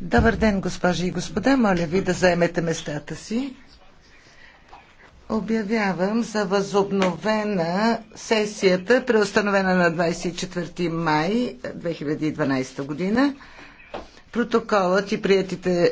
Добър ден, госпожи и господа. Моля ви да заемете местата си. Обявявам за възобновена сесията, преустановена на 24 май 2012 година. Протоколът и приятите